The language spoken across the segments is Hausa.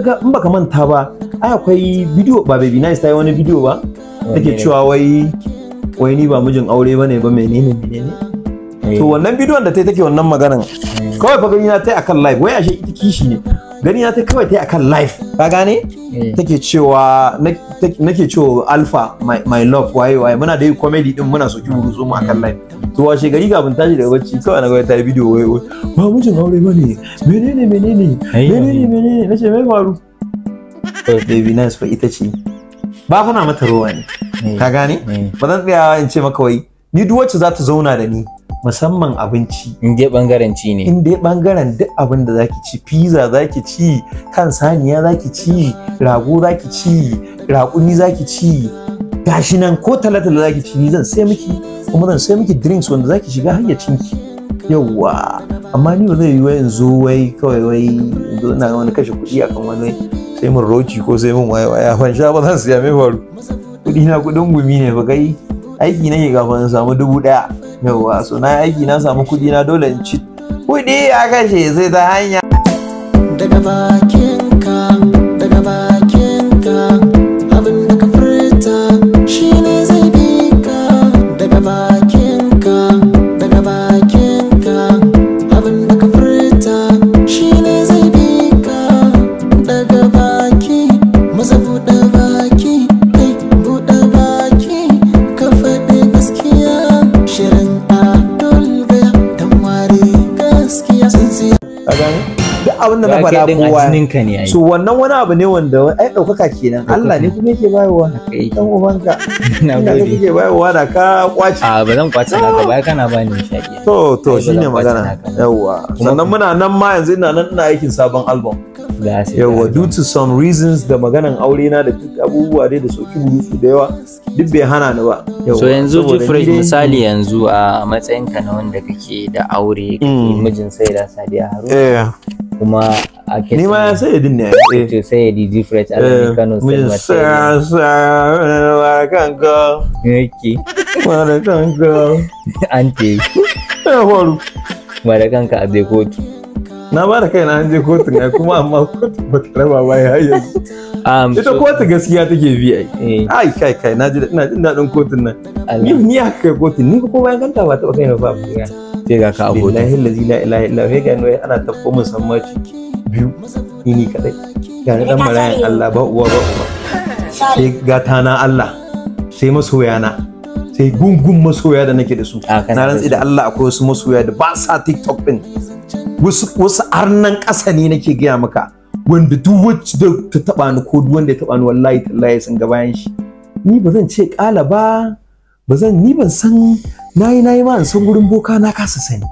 ga in baka manta ba ai akwai bidiyo ba baby nice tayi wani bidiyo ba take cewa wai wai ni ba mijin aure bane ba menene menene eh. to wannan bidiyon da ta take wannan maganan eh. kawai fa gani na ta akan live wai ashe ita kishi ne gani na ta kawai ta akan live ka gane Eh. take cewa nake cewa alpha my love waye waye muna da yi comedy din muna soki wurutsu mu akan line to washe gari kafin tashi daga bacci kawai na ga ta yi bidiyo waye waye ba jin aure bane menene menene menene menene nace mai faru to baby nice fa ita ce ba kuna mata ruwa ne eh. ka gane eh. ba zan tsaya in ce maka wai ni duk wacce za ta zauna da ni musamman abinci in bangaren ci ne in dai bangaren duk abin da zaki ci pizza zaki ci kan saniya zaki ci rago zaki ci raƙuni zaki ci gashi nan ko talatala zaki ci ni zan sai miki kuma zan sai miki drinks wanda zaki shiga hayyacinki yawwa amma ni ba zai yi wa zo wai kawai wai zo na wani kashe kuɗi akan wani sai mun roki ko sai mun waya. waya ban sha ba zan siya mai faru kuɗi na kuɗin gumi ne ba kai aiki nake kafin samu dubu ɗaya yauwa so na aiki na samu kudi na dole in ci kudi a kashe sai ta hanya daga bakinka daga bakinka faɗa kowa so wannan wani abu ne wanda ai ɗaukaka kenan Allah ne kuma yake bayarwa dan ubanka na gode yake bayarwa da ka kwace a ba zan kwace na ka baya kana bani nishaɗi to to shine magana yawa sannan muna nan ma yanzu ina nan ina aikin sabon album yawa due to some reasons da maganan aure na da duk abubuwa dai da soki burusu da yawa duk bai hana ni ba so yanzu jifrey misali yanzu a matsayinka na wanda kake da aure kake mm. mijin sai da sadiya haruna eh. kuma ake ni ma sai din ne eh to sai di different alamin eh, Kano sai mata sa sa warakan go yake warakan go ante eh horu warakan a aje kotu na ba da kai na je kotu ne kuma amma kotu ba ta raba ba ya yi um ita kotu gaskiya take bi ai eh. ai kai kai na ji ina jin dadin kotun nan ni ni haka kai kotu ni ko bayan kanta ba ta kai na ba sai ga ka agota billahi allazi la ilaha illa huwa ga noye ana tafko mun san maci biyu ni ni kadai ga ni dan marayan Allah ba uwa ba uba sai gata na Allah sai masoya na sai gungun masoya da nake da su na rantsi da Allah akwai wasu masoya da ba sa TikTok din wasu wasu arnan ƙasa ne nake gaya maka wanda duk wacce ta taba ni ko duk wanda ya taba ni wallahi tallahi sun ga bayan shi ni ba zan ce ƙala ba ba zan ni ban san nayi nayi ma san gurin boka na kasa sani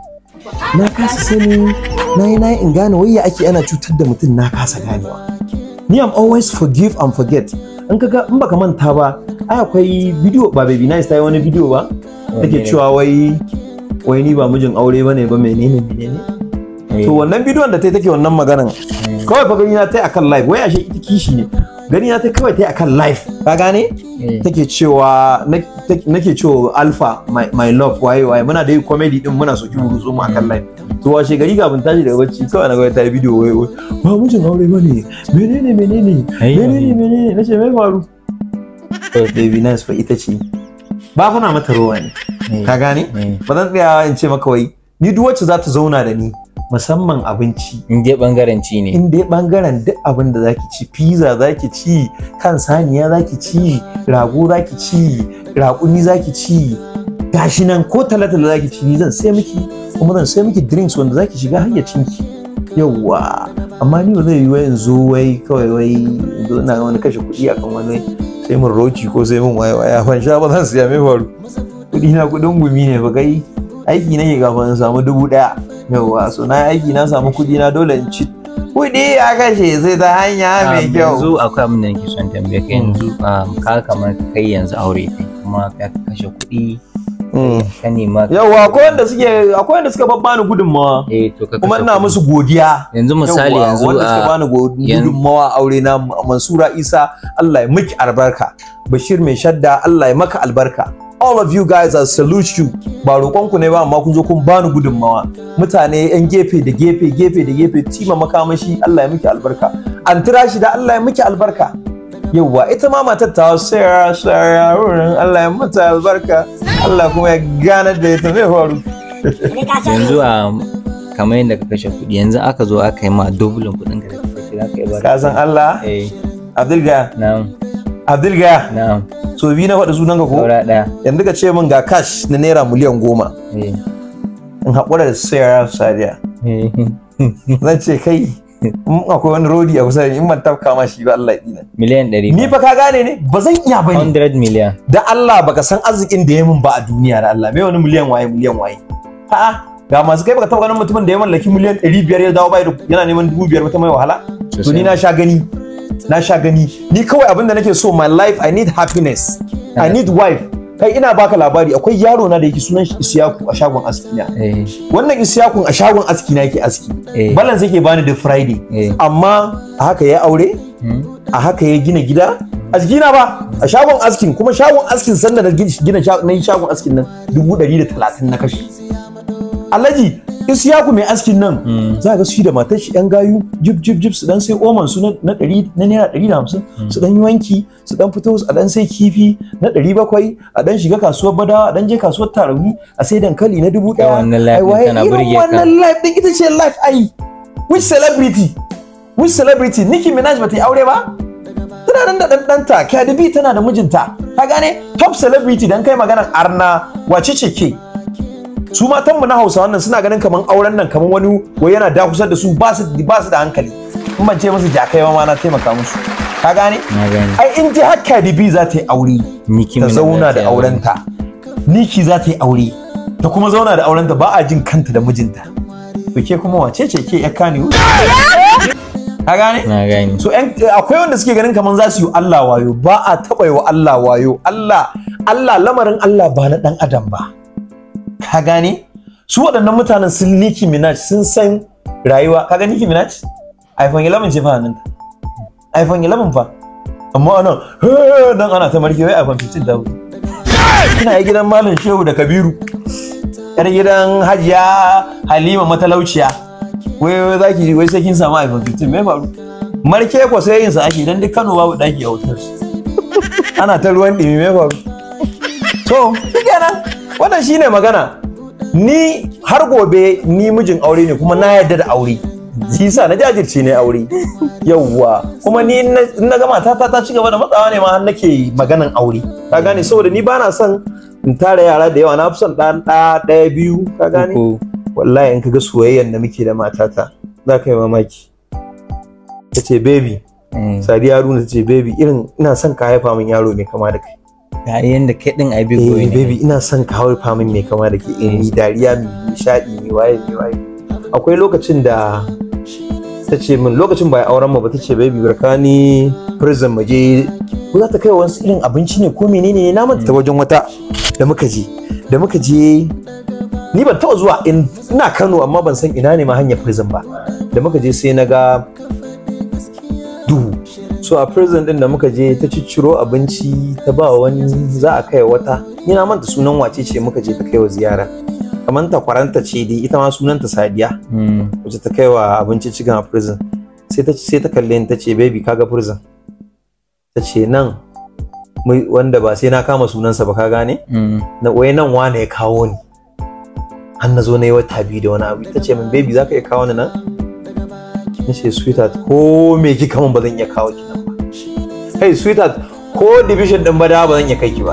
na kasa sani nayi nayi in gane wai ya ake ana cutar da mutum na kasa ganewa ni am always forgive and forget in kaga in baka manta ba ai akwai bidiyo ba baby nice tayi wani bidiyo ba take cewa wai wai ni ba mijin aure bane ba menene menene to eh. wannan bidiyon da ta take wannan maganan eh. kawai fa gani na tai akan live wai ashe ita kishi ne gani ta kawai ta yi akan life. ka gane eh. take cewa nake cewa alpha my, love waye waye muna da yi comedy din muna soki burutsu mu akan life to washe gari mun tashi daga bacci kawai na ga ta yi video waye waye ba mu mijin aure bane menene menene menene menene nace me faru to eh. eh, baby nice fa ita ce ba fa na mata ruwa ne ka gane ba zan tsaya in ce maka wai ni duk wacce za ta zauna da ni musamman abinci in ya bangaren ci ne in ya bangaren duk abin da zaki ci pizza zaki ci kan saniya zaki ci rago zaki ci raƙumi zaki ci gashi nan ko talatala zaki ci ni zan sai miki kuma zan sai miki drinks wanda ki shiga cinki yawwa amma ni ba zai yi wayan zo wai kawai wai zo na wani kashe kuɗi akan wani sai mun roci ko sai mun waya waya ban sha ba zan siya mai faru kuɗi na kuɗin gumi ne ba kai aiki nake kafin in samu dubu ɗaya yauwa so na aiki na samu kudi na dole in ci kudi a kashe sai ta hanya mai kyau yanzu akwai abin da nake son tambaya kai yanzu mm. ka kamar kai yanzu aure kai kuma ka kashe kudi mm. ka nema yauwa akwai wanda suke akwai wanda suka babbani gudunmawa eh, kuma ina musu godiya yanzu misali yanzu wanda suka bani gudunmawa aure na Mansura Isa Allah ya miki albarka Bashir mai shadda Allah ya maka albarka all of you guys I salute you ba roƙon ku ne ba amma kun zo kun bani gudunmawa mutane yan gefe da gefe gefe da gefe tima makamashi Allah ya miki albarka an tira shi da Allah ya miki albarka yauwa ita ma matar ta sayar sayar wurin Allah ya mata albarka Allah kuma ya gane da ita mai faru yanzu a ah, kamar yadda ka kashe kuɗi yanzu aka zo aka yi ma dubulin kuɗin ka da ka ka yi ba ka san Allah eh na'am Abdulga na'am so biyu na faɗi sunan ka ko yanzu ka ce min ga cash na naira miliyan goma eh. in haƙura da sayara sariya eh. zan ce kai in akwai wani rodi a kusa in man tafka ma shi ba Allah ya dina miliyan 100 ni fa ka gane ne ba zan iya ne. 100 million. da Allah baka san arzikin da ya min ba a duniya da Allah me wani miliyan waye miliyan waye a'a ga masu kai baka taba ganin mutumin da ya mallaki miliyan 500 ya dawo bai yana neman 2500 ba ta mai wahala to ni na sha gani na sha gani ni kawai abin da nake so my life i need happiness i need wife kai ina baka labari akwai yaro na da yake sunan shi Isiyaku a shagon aski eh. wannan Isiyakun a shagon aski na yake aski eh. balance yake bani da friday eh. amma a haka ya aure hmm. a haka ya gina gida aski na ba a shagon askin kuma shagon askin sanda da gina shagon askin nan dubu ɗari da talatin na kashi alhaji ku mai askin nan hmm. za ga shi da matar shi yan gayu jib jib jib su dan sai oman su na na naira ɗari da hamsin hmm. su dan yi wanki su dan fito a dan sai kifi na ɗari bakwai a dan shiga kasuwar badawa a dan je kasuwar tarihi a sai dankali na dubu ɗaya ai waye irin wannan life din ita ce life ai which celebrity which celebrity Nicki Minaj bata yi aure ba tana nan da dandanta Cardi B tana da mijinta ka gane top celebrity dan kai maganar arna wace ce ke su matan mu na Hausa wannan suna ganin kaman auren nan kaman wani wai yana dakusar da su ba su ba su da hankali in ban ce musu jakai ba ma na taimaka musu ka gane ai in ji hakka dibi za ta yi aure ta zauna da aurenta niki za ta yi aure ta kuma zauna da aurenta ba a jin kanta da mijinta to ke kuma wace ce ke yakka ne ka gane na gane so akwai wanda suke ganin kaman za su yi Allah wayo ba a taba yi wa Allah wayo Allah Allah lamarin Allah ba na dan adam ba ka gane su waɗannan mutanen sun Nicki Minaj sun san rayuwa ka gani Nicki Minaj iPhone 11 ce fa nan iPhone 11 fa amma anan dan ana ta marke wai iPhone 15 da kina yi gidan Malam Shehu da Kabiru yar gidan Hajiya Halima matalauciya wai wai zaki wai sai kin samu iPhone 15 me faru marke ko sai yin sa ake dan duk Kano babu daki a wutar ana ta ruwan dimi me faru to kike wannan shine magana ni har gobe ni mijin aure ne kuma na yarda da aure shi sa na jajirce ne aure yawwa kuma ni in na gama ta ta ci gaba da matsawa ne ma nake maganan aure ka gane saboda ni bana son in tara yara da yawa na fi son ɗan ɗa ɗaya biyu ka gane wallahi in kaga soyayyen da muke da matata za ka yi mamaki ta ce baby mm. sadiya haruna ta ce baby irin ina son ka haifa min yaro mai kama da kai yayin da kai din ai big boy eh, ne baby ina son kawai famin mai kama da ke eh, ni dariya mai nishaɗi, mai waye mai waye akwai lokacin da ta ce min lokacin ba auren mu ba ta ce baby barkani prison mu je ko za ta kai wasu irin abinci ne ko menene ne na manta ta wajen wata da muka je da muka je ni ban taɓa zuwa ina Kano amma ban san ina ne ma hanyar prison ba da muka je sai na ga so a prison din da muka je ta cicciro abinci ta ba wani za a kai wata ni na manta sunan wace ce muka je ta kai wa ziyara kamar ta kwaranta ce dai ita ma sunanta sadiya hmm. wace ta kai wa abinci cikin a prison sai ta sai ta kalle ni ta ce baby kaga prison ta ce nan wanda ba sai na kama sunansa ba ka gane hmm. na wai nan wane ya kawo ni an na zo na yi wata biyu da wani abu ta ce min baby za ka iya kawo ni nan na ce sweetheart ko me kika min ba zan iya kawo ki kai sweetheart ko division din badawa ba zan iya kai ki ba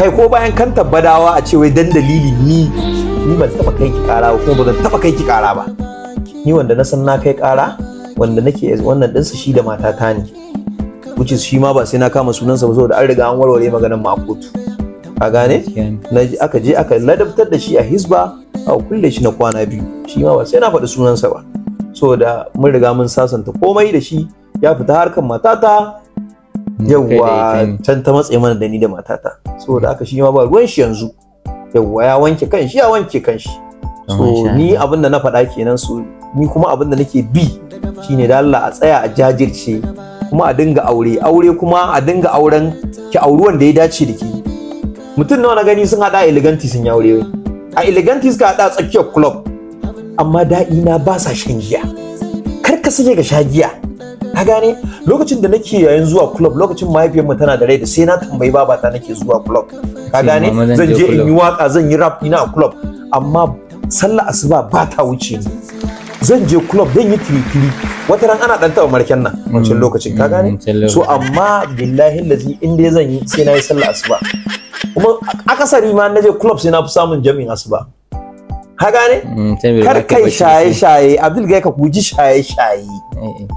kai ko bayan kan tabbadawa a ce wai dan dalili ni ni ban taba kai ki kara ba kuma ba zan taba kai ki kara ba ni wanda na san na kai kara wanda nake wannan ɗinsa shi da matata ne which is shi ma ba sai na kama sunansa ba saboda an riga an warware maganar ma kotu a gane na aka je aka ladabtar da shi a hisba a kulle shi na kwana biyu shi ma ba sai na faɗi sunansa ba So da mun riga mun sasanta komai da shi ya fita harkan matata mm, yawwa can ta matsayi mana da ni da matata saboda aka shi ma ba ruwan shi yanzu yawwa ya wanke kan shi ya wanke kan shi oh, so ni abinda na faɗa kenan so ni kuma abinda nake bi shine da Allah a tsaya a jajirce kuma a dinga aure aure kuma a dinga auren ki auruwan wanda ya dace da ke. mutum nawa na gani sun hada eleganti sun ya aure a eleganti suka hada tsakiyar club amma daɗi na ba sa shan giya kar ka sake ka sha giya ka gane lokacin da nake yayin zuwa club lokacin mahaifiyarmu tana da rai da sai na tambayi babata nake zuwa club ka gane zan je in yi waka zan yi rap ina a club amma sallah asuba ba ta wuce ni zan je club zan yi kirikiri wata ran ana dan taba marken nan mm, wancan lokacin ka mm, gane so amma billahi lazi in dai zan yi sai na yi sallah asuba kuma akasari ma na je club sai na fi samun jami'in asuba ka gane mm, kar kai shaye shaye abdul gai ka guji shaye shaye eh, eh.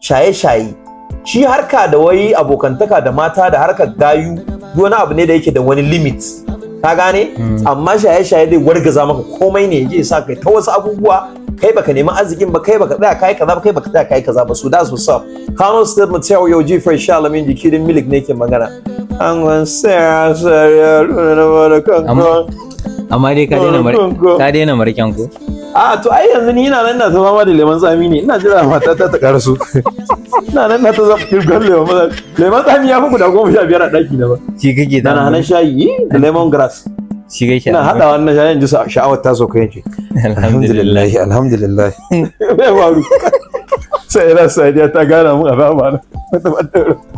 shaye-shaye shi harka da wai abokantaka da mata da harkar gayu wani abu ne da yake da wani limit ka gane hmm. amma shaye-shaye dai wargaza maka komai ne yake sa kai ta wasu abubuwa kai baka nemi arzikin ba kai baka tsaya kai kaza ba kai baka tsaya kai kaza ba so that's what's up Kano State material yau ji fresh shalamin jikirin milik ne ke magana an na kankan. amma dai ka daina oh, ka daina marken ko a to ai yanzu ni ina nan na zama ma da lemon tsami ne ina jira mata ta ta karasu ina nan na ta zama kirgar leman lemon tsami ya fi guda goma sha biyar a ɗaki na ba shi kake ta na nan shayi eh, da lemon grass shi kake shi na hada wannan shayin jisa sha'awar ta sauka yake alhamdulillah alhamdulillah bai faru sai ina ta gana mu a ba ba na